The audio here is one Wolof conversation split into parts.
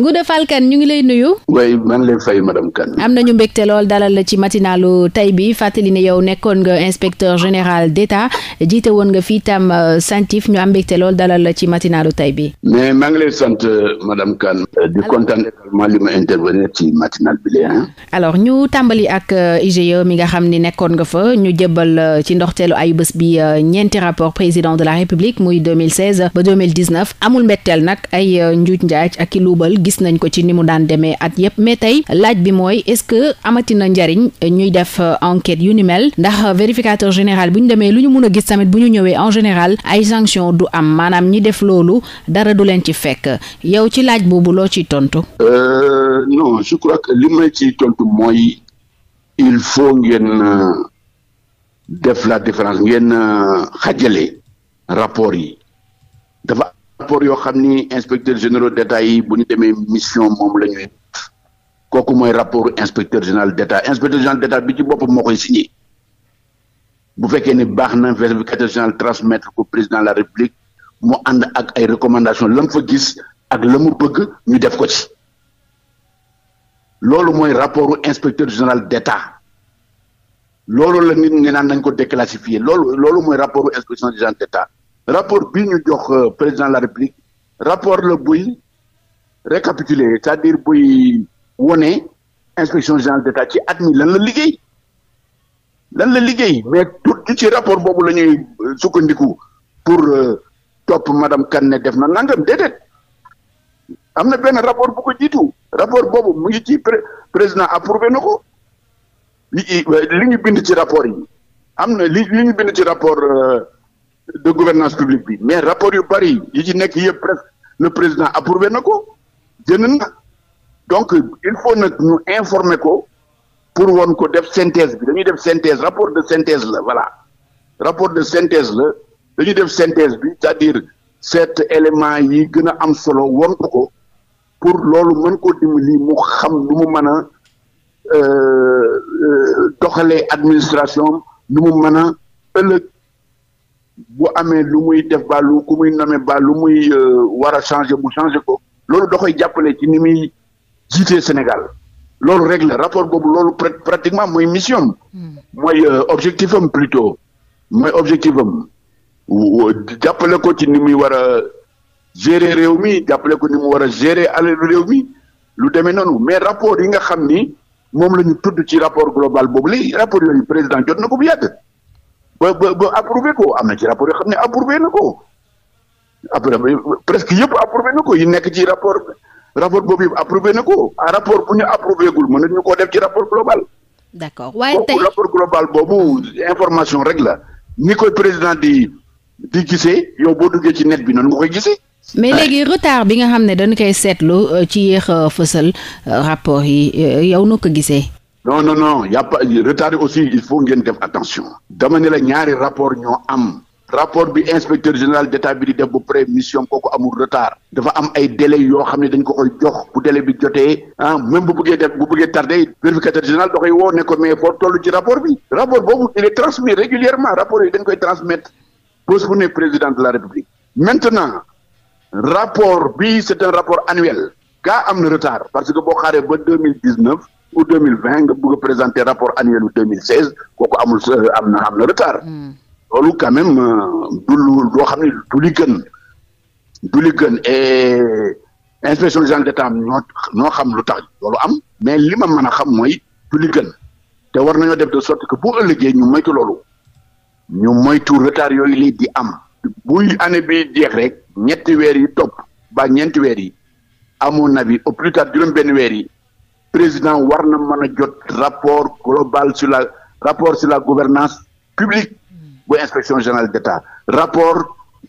Ngouda Fall ñu ngi lay nuyu. waaye man lay fay madame Kane. am nañu mbégte lool dalal la ci matinalu tay bi fàttali ne yow nekkoon nga inspecteur général d'État jiite woon nga fii tam Centif euh, ñu am mbégte lool dalal la ci matinalu tay bi mais maa ngi lay sant madame Kane. Euh, di kontaan également ma intervenir ci matinal bi la alors ñu tàmbali ak euh, IGE mi nga xam ni nekkoon nga fa ñu jëbal ci ndoxteelu ay bés bi ñeenti rapport président de la république muy 2016 ba 2019 amul mbetteel nag ay njuuj njaaj ak i gis nañ ko ci ni mu daan demee at yépp mais tey laaj bi mooy est-ce que amatina njariñ euh, ñuy def euh, enquête yu ni mel ndax euh, vérificateur général bu ñu demee lu ñu mun a gis tamit bu ñu ñëwee en général ay sanction du am maanaam ñi def loolu dara du leen ci fekk yow ci laaj boobu loo ciy tontu. non je crois que li may ciy tontu mooy il faut ngeen def la différence ngeen xajale rapport yi dafa rapport yoo xam ni inspecteur général d'état yi bu ñu demee mission moom la ñuy kooku mooy rapport inspecteur général d'état inspecteur général d'état bi ci boppam moo koy signé bu fekkee ne baax na vérificateur général transmettre ko président de la mu ànd ak ay recommandations la mu gis ak la mu bëgg ñu def ko ci loolu mooy rapport inspecteur général d'état loolu la nit ñi naan nañ ko déclassifier loolu loolu mooy rapport inspection générale d'état rapport bii ñu jox euh, président de la république rapport la buy récapitulé c'est-à-dire buy wone inspection générale d'état ci at mi lan la liggéey lan la liggéey mais tout ci rapport boobu la euh, sukkandiku pour euh, topp madame Kane ne def na nangam déedéet am na benn rapport bu ko jiitu rapport boobu mu ngi ci président approuvé na ko li li ñu bind ci rapport yi am na li li ñu bind ci rapport de gouvernance publique bi mais rapport yu bari yi ci nekk yëpp presque le président approuvé na ko jënd na donc il faut nag ñu informer ko pour woon ko def synthèse bi dañuy def synthèse rapport de synthèse la voilà rapport de synthèse la dañuy def synthèse bi c'est-à-dire sept éléments yi gën a am solo woon ko pour loolu mën koo dimbali mu xam lu mu mën a euh, euh, doxalee administration lu mu mën a ëllëg bu amee lu muy def ba lu ku muy nommé ba lu muy euh, war a changer mu changer ko loolu da jàppale ci ni muy jiitee Sénégal loolu rek la rapport boobu loolu pratiquement mooy mission am hmm. mooy euh, objectif am plutôt mooy objectif am jàppale ko ci ni muy war a gérer réew mi jàppale ko ni mu war a gérer alalu réew mi lu demee noonu mais rapport yi nga xam ni moom la ñu tudd ci rapport global boobu li rapport yooyu président jot na ko bu yàgg ba ba ba approuvé ko am na ci rapport yoo xam ne approuvé na ko après presque yëpp approuvé na ko yi nekk ci rapport rapport boobu yëpp approuvé na ko ah, rapport bu ñu approuvé gul mën nañu koo def ci rapport global. d'accord waaye tey rapport global boobu information rek la ni koy président di di gisee yow boo duggee ci net bi noonu nga koy gisee. mais léegi retard bi nga xam ne dañu koy seetlu euh, ci yéex a fësal euh, rapport yi euh, yow noo ko gisee. non non non y' a pas retard aussi il faut ngeen def attention. dama ne la ñaari rapport ñoo am. rapport bi inspecteur général d' état bi di def ba pare mission kooku amul retard. dafa am ay délais yoo xam ne dañ ko koy jox bu délai bi jotee ah même bu bëggee def bu bëggee tardé vérificateur général da koy woo ko mais foo toll ci rapport bi. rapport boobu il est transmis régulièrement rapport yi dañ koy transmettre pose bu ne président de la république. maintenant rapport bi c' est un rapport annuel. gaa am na retard. que boo xaaree ba pour u mille vingt nga bëgg a présenter rapport annuel bu deux mille seize kooku amul am na am na retard. Hmm. loolu quand même euh, du lu loo xam ne du li gën du li gën et inspection des gens d'État ñoo xam lu tax loolu am mais li ma mën a xam mooy du li gën te war nañoo def te sorte que bu ëllëgee ñu moytu loolu ñu moytu retard yooyu lii di am. buy année bi jeex rek ñetti weer yi topp ba ñeenti weer yi amoon na bi au plus tard juróom benn weer yi président war na mën a jot rapport global sur la rapport sur la gouvernance publique bu inspection générale d'État rapport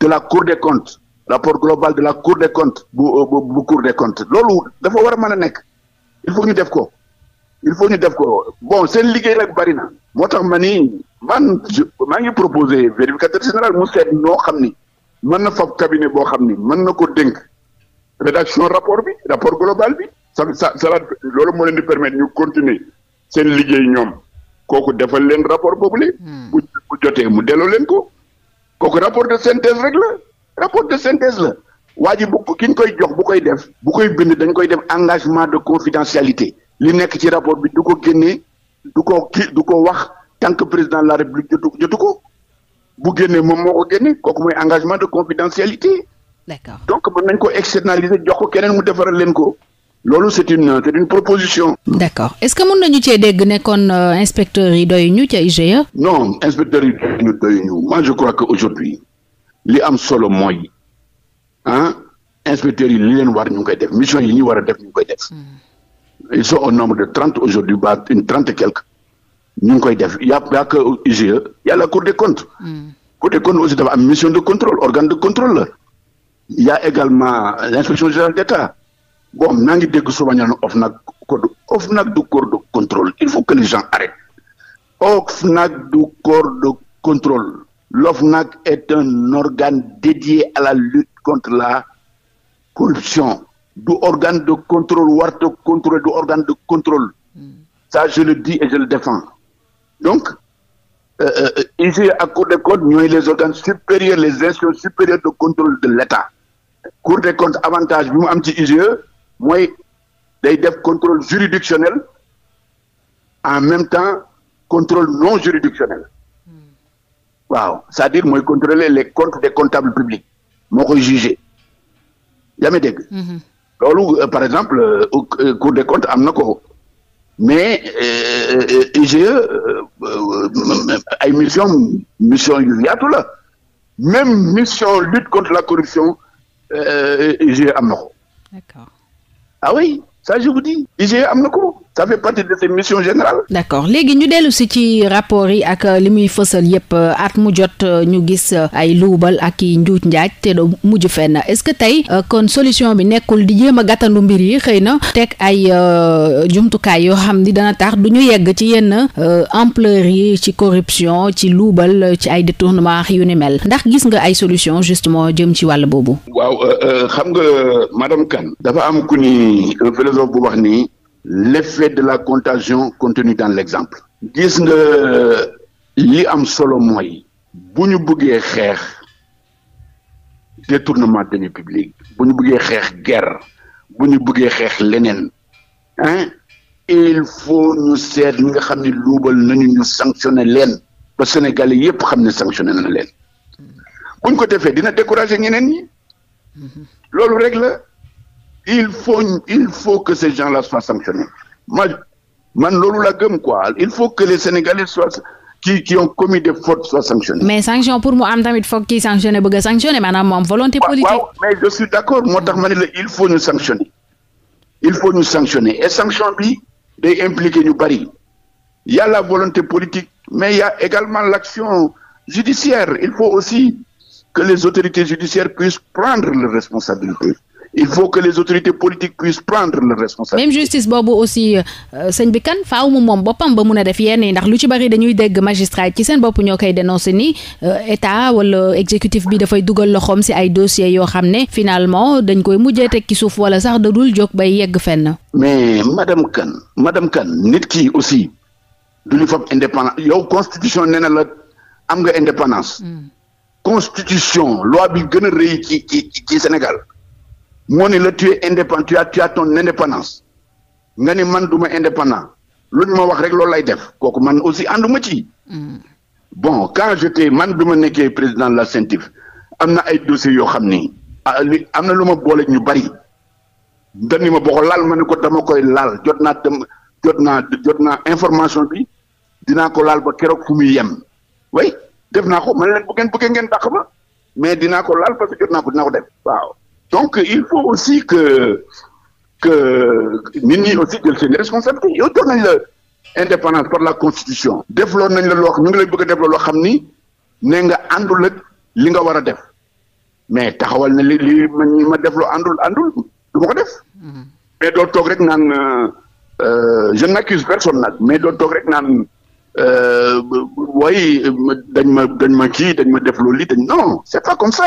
de la cour des comptes rapport global de la cour des comptes bu euh, bu cour des comptes loolu dafa war a mën a nekk il faut ñu def ko il faut ñu def ko bon seen liggéey nag bari na moo tax ma ni man maa ngi proposé vérificateur général mu seet noo xam ni mën na fab cabinet boo xam ni mën na ko dénk rédaction rapport bi rapport global bi ça ça ça loolu moo leen di permettre ñu continuer seen liggéey ñoom kooku defal leen rapport boobule. Hmm. bu bu jotee mu deloo leen ko. kooku rapport de synthèse rek la rapport de synthèse la waa ji bu ki koy jox bu koy def. bu koy bind dañ koy def engagement de confidentialité. li nekk ci rapport bi du ko génnee du ko kii du ko wax tant que président la république jotu jotu ko bu génnee moom moo ko kooku mooy engagement de confidentialité. d'accord donc mën nañ ko externaliser jox ko keneen mu defaral leen ko. loolu c'est une c'est une proposition. d'accord est-ce que mën nañu cee dégg ne kon y euh, yi doy ñu ca IGE. non inspecteurs yi doy ñu moi je crois que aujourd'hui li am solo mooy ah inspecteurs yi li leen war ñu ngi koy def mission yi ñu war a def ñu ngi koy def. Hmm. ils sont au de trente aujourd'hui ba une trente et quelques ñu ngi koy def y a y a que IGE y a la Cour des comptes. Hmm. Cour des comptes aussi dafa am mission de contrôle organe de contrôle la. y a également l'inspection générale d'État. bon naa ngi dégg souvent ñu naan OFNAC code OFNAC du corps de contrôle il faut que les gens arrêtent OFNAC du corps de contrôle l'OFNAC est un organe dédié à la lutte contre la corruption du organe de contrôle warta contrôle du organe de contrôle ça je le dis et je le défends donc euh, euh, euh, ici à Cour des comptes ñooy les organes supérieurs les institutions supérieures de contrôle de l'État Cour des comptes avantage bi mu am ci IGE mooy day def contrôle juridictionnel en même temps contrôle non juridictionnel waaw c'est-à-dire mooy contrôler les comptes des comptables publics moo koy jugé yaa mhm. euh, par exemple euh, euh Cour des am na ko mais euh, IGE ay mission mission yu yaatu la même mission lutte contre la corruption IGE am na ko. ah oui ça je vous dis IGE am na ko ça fait partie de ses missions générales. léegi ñu dellu si ci rapport yi ak euh, li muy fësal yëpp euh, at mu jot euh, ñu gis ay luubal ak i njuuj njaaj te du mujj fenn est ce que tey kon solution bi nekkul di jéem a gàttandu mbir yi xëy na teg ay jumtukaay yoo xam ni dana tax du ñu yegg ci yenn ampleur yi ci corruption ci luubal ci ay détournement yu ni mel ndax gis nga ay solution justement jëm ci wàll boobu. waaw xam nga madame Kane dafa am ku ni philosophe bu l'effet de la contagion contenu dans l'exemple gis nga li am solo mooy bu ñu buggee xeex détournement de deniers publics bu ñu buggee xeex guerre bu ñu buggee xeex leneen hein il faut ñu seet ñi nga xam ne luubal nañu ñu sanctionner leen ba Sénégalais yépp xam ne sanctionné na leen buñ ko defee dina décourager ñeneen ñi mm-hmm. loolu rek il faut il faut que ces gens-là soient sanctionnés ma man loolu la gëm quoi il faut que les Sénégalais soient qui qui ont commis des fautes soient sanctionnés. mais sanction pour mu am tamit foog kii sanctionné bëgg a sanctionné maanaam moom volonté politique. waaw mais je suis d'accord moo tax ma la il faut ñu sanctionner et sanction bi day impliquer ñu bari il y a la volonté politique mais il y a également l'action judiciaire il faut aussi que les autorités judiciaires puissent prendre leurs responsabilités. il faut que les autorités politiques puissent prendre leur responsabilité. même justice boobu aussi euh, sëñ bi kan faaw mu moom boppam ba mun a def yenn yi ndax lu ci bari dañuy dégg magistrat ci seen bopp ñoo koy dénoncé ni euh, état wala exécutif bi dafay dugal loxoom si ay dossiers yoo xam ne finalement dañ koy mujjee tekki suuf wala sax da dul jóg bay yegg fenn. mais madame Kane madame Kane nit ki aussi du ñu fab indépendance yow constitution nee na la am nga indépendance. Hmm. constitution loi bi gën a rëy ci ci ci Sénégal. moo ni la tu es indépendant tu as ton indépendance nga ni man du ma indépendant lu ñu ma wax rek loolu lay def kooku man aussi ma ci. Mm. bon quand j'étais man du ma nekkee président la CENTIF am na ay dossiers yoo xam ni li am na lu ma boole ñu bari dañu ma boo ko laal ma ne ko dama koy laal jot naa dem jot naa jot naa information bi dinaa ko laal ba keroog fu muy yem way def naa ko man leen bu ngeen bëggee ngeen dàq ma mais dina ko laal parce jot naa ko dinaa ko def waaw. donc il faut aussi que que nit ñi aussi jël seen responsabilité yow jox nañ la indépendance par la constitution defloo nañ la loo ñu ngi lay bëgg a def loo xam ni ne nga àndul ak li nga war a def mais taxawal na li li ma def loo àndul àndul du ma ko def mm-hmm. mais doo toog rek naan euh, euh, je n'accuse personne nag mais doo toog rek naan euh, way dañ ma dañ ma kii dañ ma def loolu lii dañ non c'est pas comme ça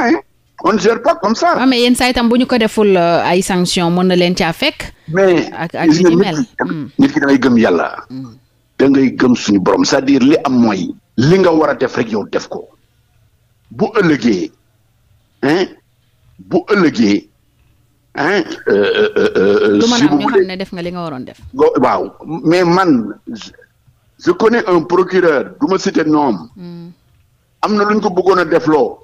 on ne gère pas comme ça. waaw mais yenn saa itam bu ñu ko deful euh, ay sanctions mën na leen caa fekk. mais ak ak li mel mm. nit ki da gëm yàlla. Mm. da ngay gëm suñu borom c'est-à-dire li am mooy. li nga war a def rek yow def ko. bu ëllëgee. bu ëllëgee. lu euh, euh, mën a am ñu xam ne def nga li nga waroon def. waaw mais man je connais un procureur du ma noom mm. am na lu ñu ko bëggoon a defloo.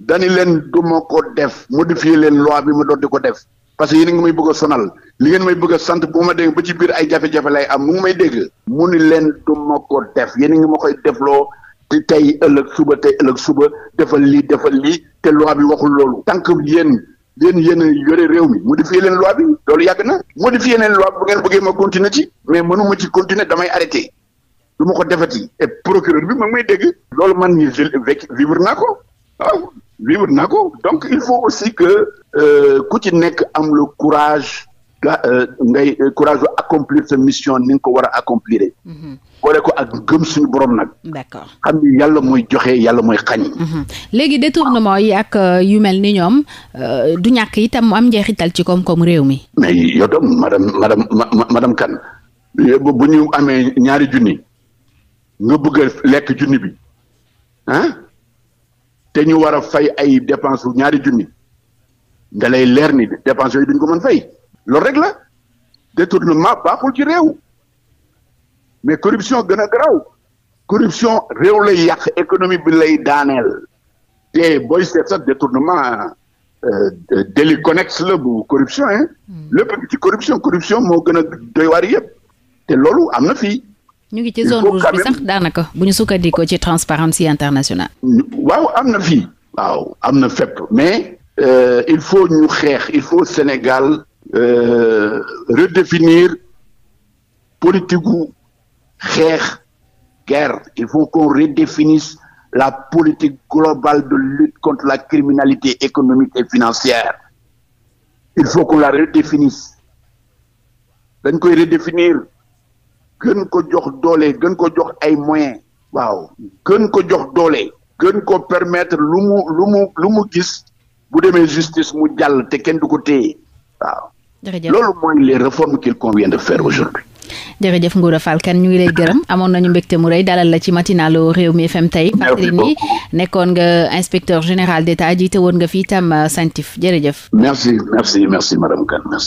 dani leen du ma ko def modifier leen loi bi ma doon di ko def parce que yéen a ngi may bëgg a sonal li ngeen may bëgg sant bu ma dégg ba ci biir ay jafe-jafe lay am mu ngi may dégg mu ni leen du ma ko def yéen ngi ma koy defloo te tey ëllëg suba tey ëllëg suba defal lii defal lii te loi bi loolu tant yéen yéen yéen a réew mi modifier leen loi bi loolu yàgg na modifier leen loi bi bu ngeen bëggee ma continuer ci mais mënuma ci continuer damay arrêté du ma ko defati et procureur bi ma may dégg loolu man mii vivre naa ko ah vivre na ko donc il faut aussi que euh, ku ci nekk am lu courage ga euh, ngay euh, courage bu accomplir sa mission ni nga ko war a accomplir. Mhm. boole ko ak gëm suñu borom nag. d'accord xam ni yàlla mooy joxe yàlla mooy xañ. Mhm. léegi détournement yi ak yu mel ni ñoom du ñàkk itam mu am njeexital ci koom-koom réew mi. mais yow tam madame madame madame Kane bu ñu amee ñaari junni nga bëgg lekk junni bi te ñu war a fay ay dépense ñaari junni nga lay leer ni dépense yooyu duñ ko mën fay loolu rek la détournement baaxul ci réew mais corruption gën a garaaw corruption réew la yàq économie bi lay daaneel te booy seet sax détournement euh, délit connexe la bu corruption hein hmm. lépp ci corruption corruption moo gën a doy waar yëpp te loolu am na fii ñu ngi ci zone rouge bi sax daanaka bu ñu sukkandikoo ci Transparency International. waaw am na fii. waaw am na fépp mais. Euh, il faut ñu xeex il faut Sénégal euh, redéfinir politique gu xeex guerre il faut qu'on redéfinisse la politique globale de lutte contre la criminalité économique et financière il faut qu'on la redéfinisse dañ koy redéfinir gën ko jox doole gën ko jox ay moyens waaw gën ko jox doole gën ko permettre lu mu lu mu lu mu gis bu demee justice mu jàll te kenn du ko téye waaw loolu mooy les réformes qu'il convient de faire aujourd'hui jërëjëf Ngouda a Kane ñu ngi lay gërëm amoon nañu mbégte mu rëy dalal la ci matinalu Rewmi FM tey fàttali ni nekkoon nga inspecteur général d'État jiite woon nga fi itam euh, SYNTIF jërëjëf merci merci merci madame Kane